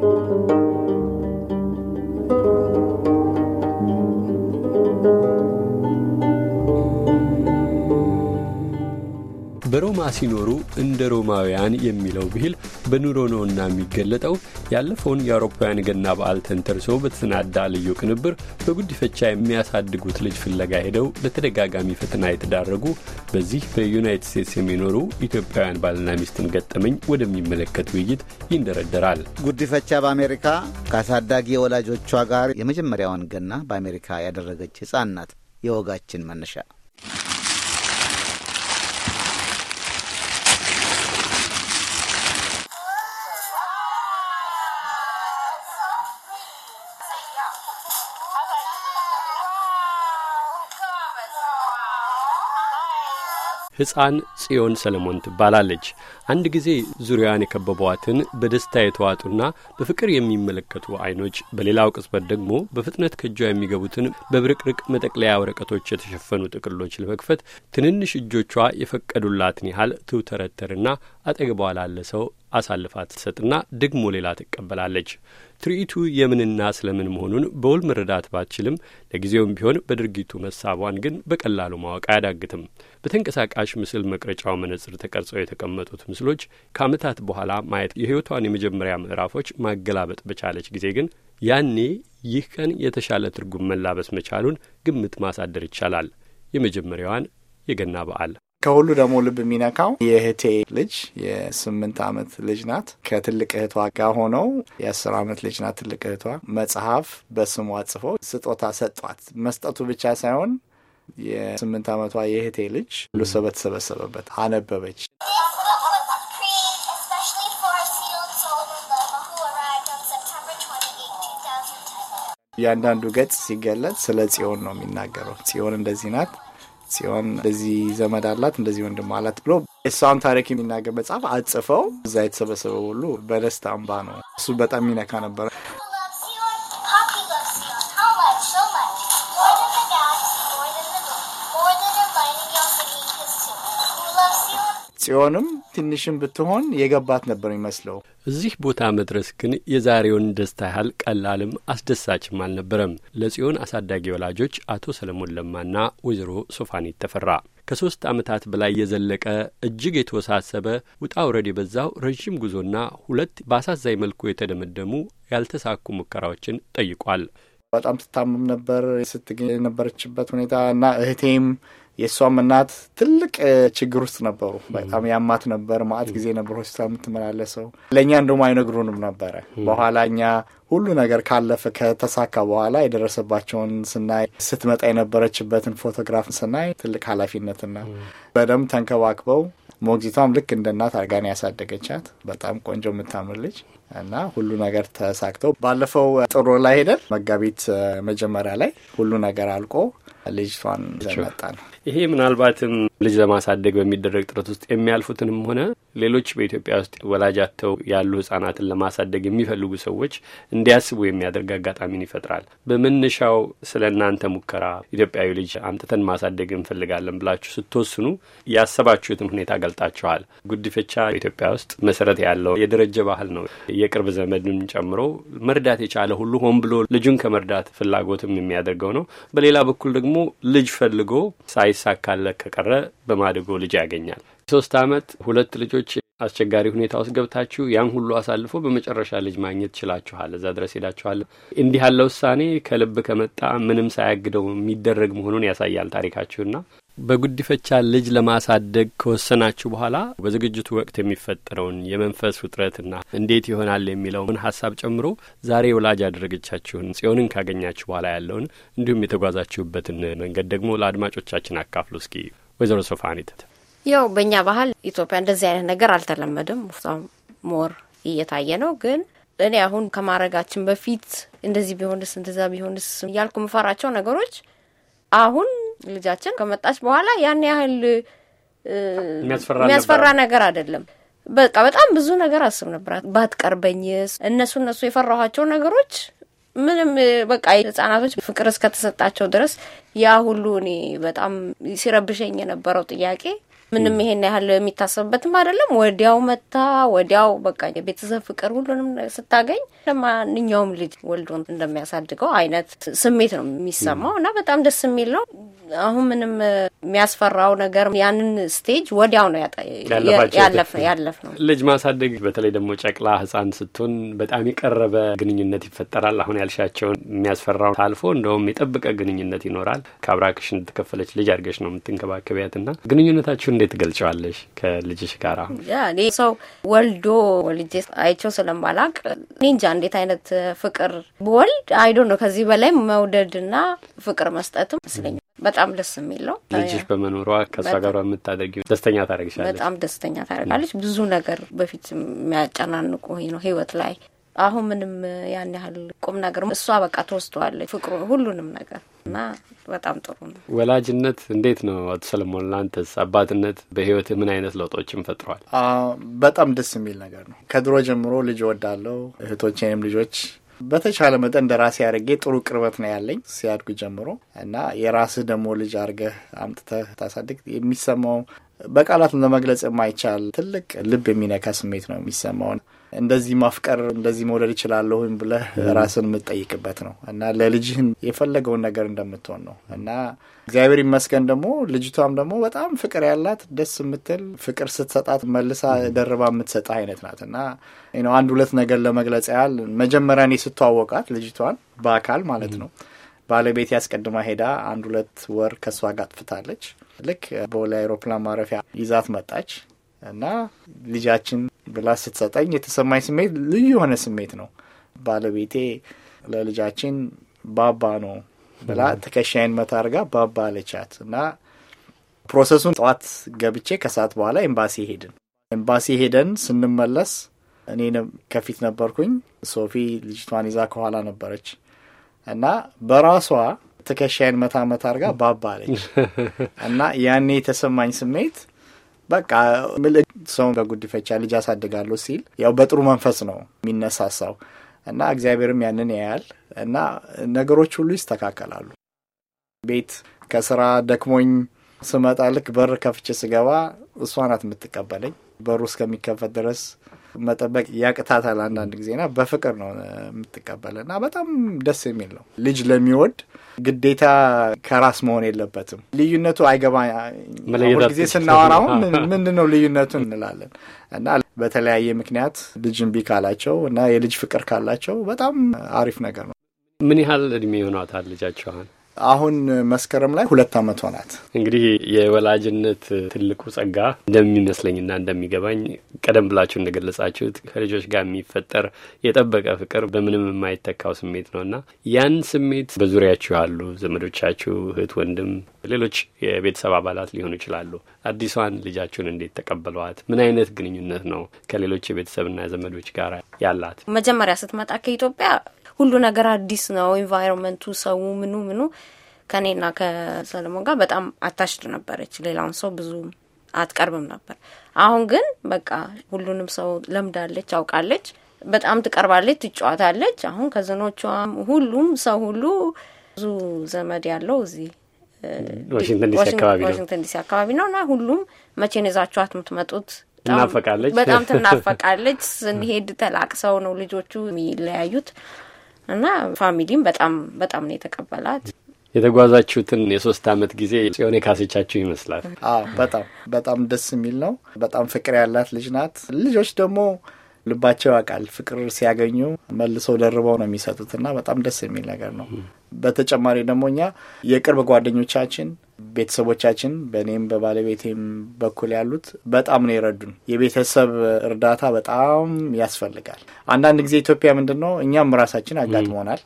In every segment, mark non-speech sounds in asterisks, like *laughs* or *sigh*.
Thank you. ሲኖሩ እንደ ሮማውያን የሚለው ብሂል በኑሮ ነውና የሚገለጠው ያለፈውን የአውሮፓውያን ገና በዓል ተንተርሶ በተሰናዳ ልዩ ቅንብር በጉዲፈቻ የሚያሳድጉት ልጅ ፍለጋ ሄደው ለተደጋጋሚ ፈተና የተዳረጉ በዚህ በዩናይትድ ስቴትስ የሚኖሩ ኢትዮጵያውያን ባልና ሚስትን ገጠመኝ ወደሚመለከት ውይይት ይንደረደራል። ጉዲፈቻ በአሜሪካ ከአሳዳጊ ወላጆቿ ጋር የመጀመሪያውን ገና በአሜሪካ ያደረገች ሕፃን ናት። የወጋችን መነሻ ሕፃን ጽዮን ሰለሞን ትባላለች። አንድ ጊዜ ዙሪያዋን የከበቧትን በደስታ የተዋጡና በፍቅር የሚመለከቱ አይኖች፣ በሌላው ቅጽበት ደግሞ በፍጥነት ከእጇ የሚገቡትን በብርቅርቅ መጠቅለያ ወረቀቶች የተሸፈኑ ጥቅሎች ለመክፈት ትንንሽ እጆቿ የፈቀዱላትን ያህል ትውተረተርና አጠገቧ ላለ ሰው አሳልፋ ትሰጥና ደግሞ ሌላ ትቀበላለች። ትርኢቱ የምንና ስለምን መሆኑን በውል መረዳት ባትችልም ለጊዜውም ቢሆን በድርጊቱ መሳቧን ግን በቀላሉ ማወቅ አያዳግትም። በተንቀሳቃሽ ምስል መቅረጫው መነጽር ተቀርጸው የተቀመጡት ምስሎች ከዓመታት በኋላ ማየት የሕይወቷን የመጀመሪያ ምዕራፎች ማገላበጥ በቻለች ጊዜ ግን ያኔ ይህ ቀን የተሻለ ትርጉም መላበስ መቻሉን ግምት ማሳደር ይቻላል። የመጀመሪያዋን የገና በዓል ከሁሉ ደግሞ ልብ የሚነካው የእህቴ ልጅ የስምንት ዓመት ልጅ ናት። ከትልቅ እህቷ ጋር ሆነው የአስር ዓመት ልጅ ናት ትልቅ እህቷ መጽሐፍ በስሟ ጽፈው ስጦታ ሰጧት። መስጠቱ ብቻ ሳይሆን የስምንት ዓመቷ የእህቴ ልጅ ሁሉ ሰው በተሰበሰበበት አነበበች። እያንዳንዱ ገጽ ሲገለጽ ስለ ጽዮን ነው የሚናገረው። ጽዮን እንደዚህ ናት። ሲሆን እንደዚህ ዘመድ አላት እንደዚህ ወንድም አላት ብሎ የእሷን ታሪክ የሚናገር መጽሐፍ አጽፈው እዛ የተሰበሰበው ሁሉ በደስታ አምባ ነው። እሱ በጣም ሚነካ ነበረ። ጽዮንም ትንሽም ብትሆን የገባት ነበር የሚመስለው። እዚህ ቦታ መድረስ ግን የዛሬውን ደስታ ያህል ቀላልም አስደሳችም አልነበረም። ለጽዮን አሳዳጊ ወላጆች አቶ ሰለሞን ለማና ወይዘሮ ሶፋኒ ተፈራ ከሶስት ዓመታት በላይ የዘለቀ እጅግ የተወሳሰበ ውጣ ውረድ የበዛው ረዥም ጉዞና ሁለት በአሳዛኝ መልኩ የተደመደሙ ያልተሳኩ ሙከራዎችን ጠይቋል። በጣም ስታምም ነበር ስትገኝ የነበረችበት ሁኔታ እና እህቴም የእሷም እናት ትልቅ ችግር ውስጥ ነበሩ። በጣም ያማት ነበር። ማአት ጊዜ ነበር ሆስፒታል የምትመላለሰው። ለእኛ እንደውም አይነግሩንም ነበረ። በኋላ እኛ ሁሉ ነገር ካለፈ ከተሳካ በኋላ የደረሰባቸውን ስናይ፣ ስትመጣ የነበረችበትን ፎቶግራፍ ስናይ ትልቅ ኃላፊነትና በደንብ ተንከባክበው ሞግዚቷም ልክ እንደ እናት አርጋን ያሳደገቻት በጣም ቆንጆ የምታምር ልጅ እና ሁሉ ነገር ተሳክተው ባለፈው ጥሩ ላይ ሄደን መጋቢት መጀመሪያ ላይ ሁሉ ነገር አልቆ ልጅቷን ይዘን መጣ ነው። ይሄ ምናልባትም ልጅ ለማሳደግ በሚደረግ ጥረት ውስጥ የሚያልፉትንም ሆነ ሌሎች በኢትዮጵያ ውስጥ ወላጅ አጥተው ያሉ ህጻናትን ለማሳደግ የሚፈልጉ ሰዎች እንዲያስቡ የሚያደርግ አጋጣሚን ይፈጥራል። በመነሻው ስለ እናንተ ሙከራ ኢትዮጵያዊ ልጅ አምጥተን ማሳደግ እንፈልጋለን ብላችሁ ስትወስኑ ያሰባችሁትን ሁኔታ ገልጣችኋል። ጉድፍቻ በኢትዮጵያ ውስጥ መሰረት ያለው የደረጀ ባህል ነው። የቅርብ ዘመድን ጨምሮ መርዳት የቻለ ሁሉ ሆን ብሎ ልጁን ከመርዳት ፍላጎትም የሚያደርገው ነው። በሌላ በኩል ደግሞ ልጅ ፈልጎ ሳይ ሳይሳካለት ከቀረ በማደጎ ልጅ ያገኛል። ሶስት አመት ሁለት ልጆች አስቸጋሪ ሁኔታ ውስጥ ገብታችሁ ያን ሁሉ አሳልፎ በመጨረሻ ልጅ ማግኘት ችላችኋል። እዛ ድረስ ሄዳችኋል። እንዲህ ያለ ውሳኔ ከልብ ከመጣ ምንም ሳያግደው የሚደረግ መሆኑን ያሳያል ታሪካችሁና በጉዲፈቻ ልጅ ለማሳደግ ከወሰናችሁ በኋላ በዝግጅቱ ወቅት የሚፈጠረውን የመንፈስ ውጥረትና እንዴት ይሆናል የሚለውን ሀሳብ ጨምሮ ዛሬ ወላጅ ያደረገቻችሁን ጽዮንን ካገኛችሁ በኋላ ያለውን እንዲሁም የተጓዛችሁበትን መንገድ ደግሞ ለአድማጮቻችን አካፍሉ። እስኪ ወይዘሮ ሶፋኒት። ያው በእኛ ባህል ኢትዮጵያ እንደዚህ አይነት ነገር አልተለመደም። ሙፍታም ሞር እየታየ ነው ግን እኔ አሁን ከማድረጋችን በፊት እንደዚህ ቢሆንስ እንደዛ ቢሆንስ እያልኩ ምፈራቸው ነገሮች አሁን ልጃችን ከመጣች በኋላ ያን ያህል የሚያስፈራ ነገር አይደለም። በቃ በጣም ብዙ ነገር አስብ ነበራት ባትቀርበኝስ እነሱ እነሱ የፈራኋቸው ነገሮች ምንም በቃ ህጻናቶች ፍቅር እስከተሰጣቸው ድረስ ያ ሁሉ እኔ በጣም ሲረብሸኝ የነበረው ጥያቄ ምንም ይሄን ያህል የሚታሰብበትም አይደለም። ወዲያው መታ ወዲያው በቃ የቤተሰብ ፍቅር ሁሉንም ስታገኝ ለማንኛውም ልጅ ወልዶ እንደሚያሳድገው አይነት ስሜት ነው የሚሰማው እና በጣም ደስ የሚል ነው። አሁን ምንም የሚያስፈራው ነገር ያንን ስቴጅ ወዲያው ነው ያለፍ ነው። ልጅ ማሳደግ በተለይ ደግሞ ጨቅላ ህፃን ስትሆን በጣም የቀረበ ግንኙነት ይፈጠራል። አሁን ያልሻቸውን የሚያስፈራው ታልፎ እንደውም የጠበቀ ግንኙነት ይኖራል። ከአብራክሽ እንደተከፈለች ልጅ አድርገሽ ነው የምትንከባከቢያት እና ግንኙነታችሁን እንዴት ገልጫዋለሽ ከልጅሽ ጋር? እኔ ሰው ወልዶ ወልጄ አይቸው ስለማላቅ እኔ እንጃ እንዴት አይነት ፍቅር በወልድ አይዶ ነው። ከዚህ በላይ መውደድና ፍቅር መስጠትም ይመስለኛል። በጣም ደስ የሚለው ልጅሽ በመኖሯ ከእሷ ጋር የምታደርጊው ደስተኛ ታደርግሻለች። በጣም ደስተኛ ታደርጋለች። ብዙ ነገር በፊት የሚያጨናንቁ ነው ህይወት ላይ አሁን ምንም ያን ያህል ቁም ነገር እሷ በቃ ተወስተዋለች፣ ፍቅሩ ሁሉንም ነገር እና በጣም ጥሩ ነው። ወላጅነት እንዴት ነው አቶ ሰለሞን? ላንተስ አባትነት በህይወት ምን አይነት ለውጦችን ፈጥሯል? በጣም ደስ የሚል ነገር ነው። ከድሮ ጀምሮ ልጅ ወዳለው እህቶቼንም ልጆች በተቻለ መጠን እንደ ራሴ አድርጌ ጥሩ ቅርበት ነው ያለኝ ሲያድጉ ጀምሮ እና የራስህ ደግሞ ልጅ አድርገህ አምጥተህ ታሳድግ የሚሰማው በቃላት ለመግለጽ የማይቻል ትልቅ ልብ የሚነካ ስሜት ነው የሚሰማውን እንደዚህ ማፍቀር እንደዚህ መውደድ ይችላለሁ ብለህ ራስን የምትጠይቅበት ነው እና ለልጅህን የፈለገውን ነገር እንደምትሆን ነው እና እግዚአብሔር ይመስገን ደግሞ ልጅቷም ደግሞ በጣም ፍቅር ያላት ደስ የምትል ፍቅር ስትሰጣት መልሳ ደርባ የምትሰጠ አይነት ናት እና አንድ ሁለት ነገር ለመግለጽ ያህል መጀመሪያ እኔ ስተዋወቃት ልጅቷን በአካል ማለት ነው ባለቤት ያስቀድማ ሄዳ አንድ ሁለት ወር ከእሷ ጋር ጥፍታለች ልክ በወላ አውሮፕላን ማረፊያ ይዛት መጣች እና ልጃችን ብላ ስትሰጠኝ የተሰማኝ ስሜት ልዩ የሆነ ስሜት ነው። ባለቤቴ ለልጃችን ባባ ነው ብላ ትከሻይን መታ አድርጋ ባባ አለቻት እና ፕሮሰሱን ጠዋት ገብቼ ከሰዓት በኋላ ኤምባሲ ሄድን። ኤምባሲ ሄደን ስንመለስ እኔ ከፊት ነበርኩኝ፣ ሶፊ ልጅቷን ይዛ ከኋላ ነበረች እና በራሷ ትከሻይን መታ መታ አድርጋ ባባ አለች እና ያኔ የተሰማኝ ስሜት በቃ ሰውን በጉድፈቻ ልጅ አሳድጋለሁ ሲል ያው በጥሩ መንፈስ ነው የሚነሳሳው እና እግዚአብሔርም ያንን ያያል እና ነገሮች ሁሉ ይስተካከላሉ። ቤት ከስራ ደክሞኝ ስመጣ ልክ በር ከፍቼ ስገባ እሷናት የምትቀበለኝ። በሩ እስከሚከፈት ድረስ መጠበቅ ያቅታታል አንዳንድ ጊዜና በፍቅር ነው የምትቀበለ እና በጣም ደስ የሚል ነው ልጅ ለሚወድ ግዴታ ከራስ መሆን የለበትም። ልዩነቱ አይገባ ጊዜ ስናወራውን ምንድን ነው ልዩነቱ እንላለን እና በተለያየ ምክንያት ልጅ እምቢ ካላቸው እና የልጅ ፍቅር ካላቸው በጣም አሪፍ ነገር ነው። ምን ያህል እድሜ ይሆኗታል ልጃችኋን? አሁን መስከረም ላይ ሁለት አመት ሆናት እንግዲህ የወላጅነት ትልቁ ጸጋ እንደሚመስለኝና እንደሚገባኝ ቀደም ብላችሁ እንደገለጻችሁት ከልጆች ጋር የሚፈጠር የጠበቀ ፍቅር በምንም የማይተካው ስሜት እና ያን ስሜት በዙሪያችሁ ያሉ ዘመዶቻችሁ፣ እህት፣ ወንድም፣ ሌሎች የቤተሰብ አባላት ሊሆኑ ይችላሉ። አዲሷን ልጃችሁን እንዴት ተቀበሏት? ምን አይነት ግንኙነት ነው ከሌሎች የቤተሰብና ዘመዶች ጋር ያላት? መጀመሪያ ስትመጣ ከኢትዮጵያ ሁሉ ነገር አዲስ ነው። ኤንቫይሮንመንቱ፣ ሰው፣ ምኑ ምኑ ከእኔና ከሰለሞን ጋር በጣም አታሽድ ነበረች። ሌላውን ሰው ብዙ አትቀርብም ነበር። አሁን ግን በቃ ሁሉንም ሰው ለምዳለች፣ አውቃለች፣ በጣም ትቀርባለች፣ ትጫዋታለች። አሁን ከዘኖቿም ሁሉም ሰው ሁሉ ብዙ ዘመድ ያለው እዚህ ዋሽንግተን ዲሲ አካባቢ ነው እና ሁሉም መቼን ይዛችኋት የምትመጡት ትናፈቃለች፣ በጣም *laughs* ትናፈቃለች። ስንሄድ ተላቅሰው ነው ልጆቹ የሚለያዩት። እና ፋሚሊም በጣም በጣም ነው የተቀበላት። የተጓዛችሁትን የሶስት አመት ጊዜ ጽዮን ካሴቻችሁ ይመስላል። አዎ በጣም በጣም ደስ የሚል ነው። በጣም ፍቅር ያላት ልጅ ናት። ልጆች ደግሞ ልባቸው ያውቃል። ፍቅር ሲያገኙ መልሰው ደርበው ነው የሚሰጡትና በጣም ደስ የሚል ነገር ነው። በተጨማሪ ደግሞ እኛ የቅርብ ጓደኞቻችን ቤተሰቦቻችን በእኔም በባለቤቴም በኩል ያሉት በጣም ነው የረዱን። የቤተሰብ እርዳታ በጣም ያስፈልጋል። አንዳንድ ጊዜ ኢትዮጵያ ምንድን ነው እኛም ራሳችን አጋጥሞናል።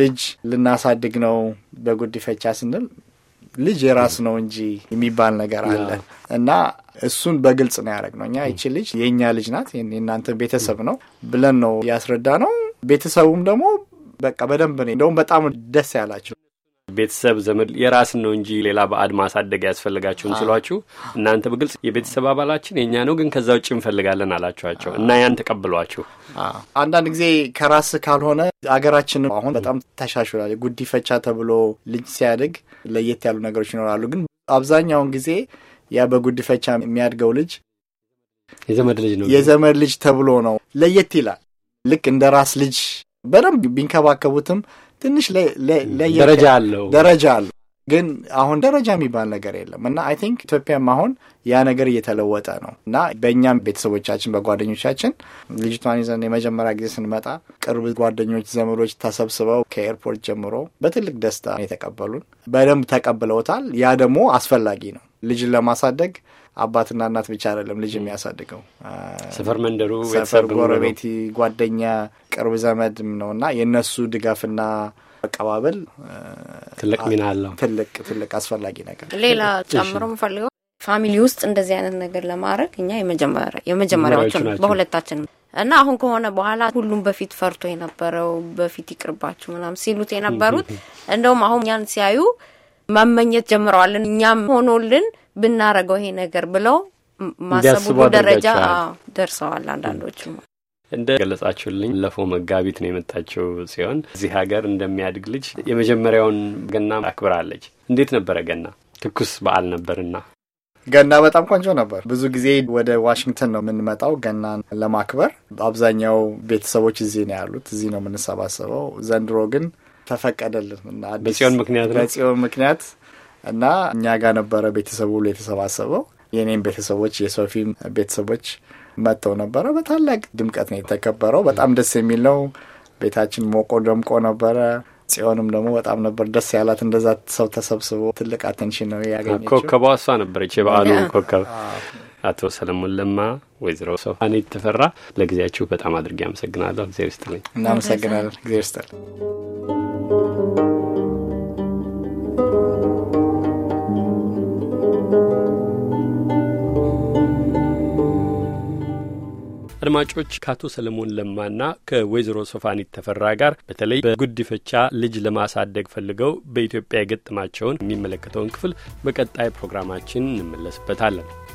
ልጅ ልናሳድግ ነው በጉዲፈቻ ስንል ልጅ የራስ ነው እንጂ የሚባል ነገር አለ እና እሱን በግልጽ ነው ያደረግ ነው። እኛ ይቺ ልጅ የእኛ ልጅ ናት፣ የእናንተ ቤተሰብ ነው ብለን ነው ያስረዳ ነው። ቤተሰቡም ደግሞ በቃ በደንብ ነው እንደውም በጣም ደስ ያላቸው ቤተሰብ፣ ዘመድ የራስን ነው እንጂ ሌላ በአድ ማሳደግ ያስፈልጋችሁን ስሏችሁ እናንተ በግልጽ የቤተሰብ አባላችን የእኛ ነው ግን ከዛ ውጭ እንፈልጋለን አላችኋቸው እና ያን ተቀብሏችሁ። አንዳንድ ጊዜ ከራስ ካልሆነ አገራችን አሁን በጣም ተሻሽሏል። ጉዲፈቻ ተብሎ ልጅ ሲያድግ ለየት ያሉ ነገሮች ይኖራሉ። ግን አብዛኛውን ጊዜ ያ በጉዲፈቻ የሚያድገው ልጅ የዘመድ ልጅ ነው የዘመድ ልጅ ተብሎ ነው ለየት ይላል። ልክ እንደ ራስ ልጅ በደንብ ቢንከባከቡትም ትንሽ ደረጃ አለው ደረጃ አለው። ግን አሁን ደረጃ የሚባል ነገር የለም እና አይ ቲንክ ኢትዮጵያም አሁን ያ ነገር እየተለወጠ ነው እና በእኛም ቤተሰቦቻችን፣ በጓደኞቻችን ልጅቷን ይዘን የመጀመሪያ ጊዜ ስንመጣ ቅርብ ጓደኞች፣ ዘመዶች ተሰብስበው ከኤርፖርት ጀምሮ በትልቅ ደስታ የተቀበሉን በደንብ ተቀብለውታል። ያ ደግሞ አስፈላጊ ነው ልጅን ለማሳደግ አባትና እናት ብቻ አይደለም ልጅ የሚያሳድገው። ሰፈር፣ መንደሩ፣ ሰፈር፣ ጎረቤት፣ ጓደኛ፣ ቅርብ ዘመድ ነው እና የእነሱ ድጋፍና አቀባበል ትልቅ ሚና አለው። ትልቅ ትልቅ አስፈላጊ ነገር። ሌላ ጨምሮ ምፈልገው ፋሚሊ ውስጥ እንደዚህ አይነት ነገር ለማድረግ እኛ የመጀመሪያዎቹ በሁለታችን እና አሁን ከሆነ በኋላ ሁሉም በፊት ፈርቶ የነበረው በፊት ይቅርባችሁ ምናምን ሲሉት የነበሩት *laughs* እንደውም አሁን እኛን ሲያዩ መመኘት ጀምረዋልን እኛም ሆኖልን ብናረገው ይሄ ነገር ብለው ማሰቡ ደረጃ ደርሰዋል አንዳንዶቹ። እንደ ገለጻችሁልኝ ለፈው መጋቢት ነው የመጣችው ሲሆን እዚህ ሀገር እንደሚያድግ ልጅ የመጀመሪያውን ገና አክብራለች። እንዴት ነበረ? ገና ትኩስ በዓል ነበርና ገና በጣም ቆንጆ ነበር። ብዙ ጊዜ ወደ ዋሽንግተን ነው የምንመጣው ገናን ለማክበር። አብዛኛው ቤተሰቦች እዚህ ነው ያሉት፣ እዚህ ነው የምንሰባሰበው። ዘንድሮ ግን ተፈቀደልን እና በጽዮን ምክንያት በጽዮን ምክንያት እና እኛ ጋር ነበረ ቤተሰቡ ሁሉ የተሰባሰበው የኔም ቤተሰቦች የሶፊም ቤተሰቦች መጥተው ነበረ። በታላቅ ድምቀት ነው የተከበረው። በጣም ደስ የሚል ነው። ቤታችን ሞቆ ደምቆ ነበረ። ጽዮንም ደግሞ በጣም ነበር ደስ ያላት። እንደዛ ሰው ተሰብስቦ ትልቅ አቴንሽን ነው ያገኘችው። ኮከቧ እሷ ነበረች፣ የበዓሉ ኮከብ። አቶ ሰለሞን ለማ፣ ወይዘሮ ሶፋኔ ተፈራ፣ ለጊዜያችሁ በጣም አድርጌ አመሰግናለሁ። እግዜር ይስጥልኝ። እናመሰግናለን። እግዜር ይስጥልኝ። አድማጮች ከአቶ ሰለሞን ለማና ከወይዘሮ ሶፋኒት ተፈራ ጋር በተለይ በጉድፈቻ ልጅ ለማሳደግ ፈልገው በኢትዮጵያ የገጠማቸውን የሚመለከተውን ክፍል በቀጣይ ፕሮግራማችን እንመለስበታለን።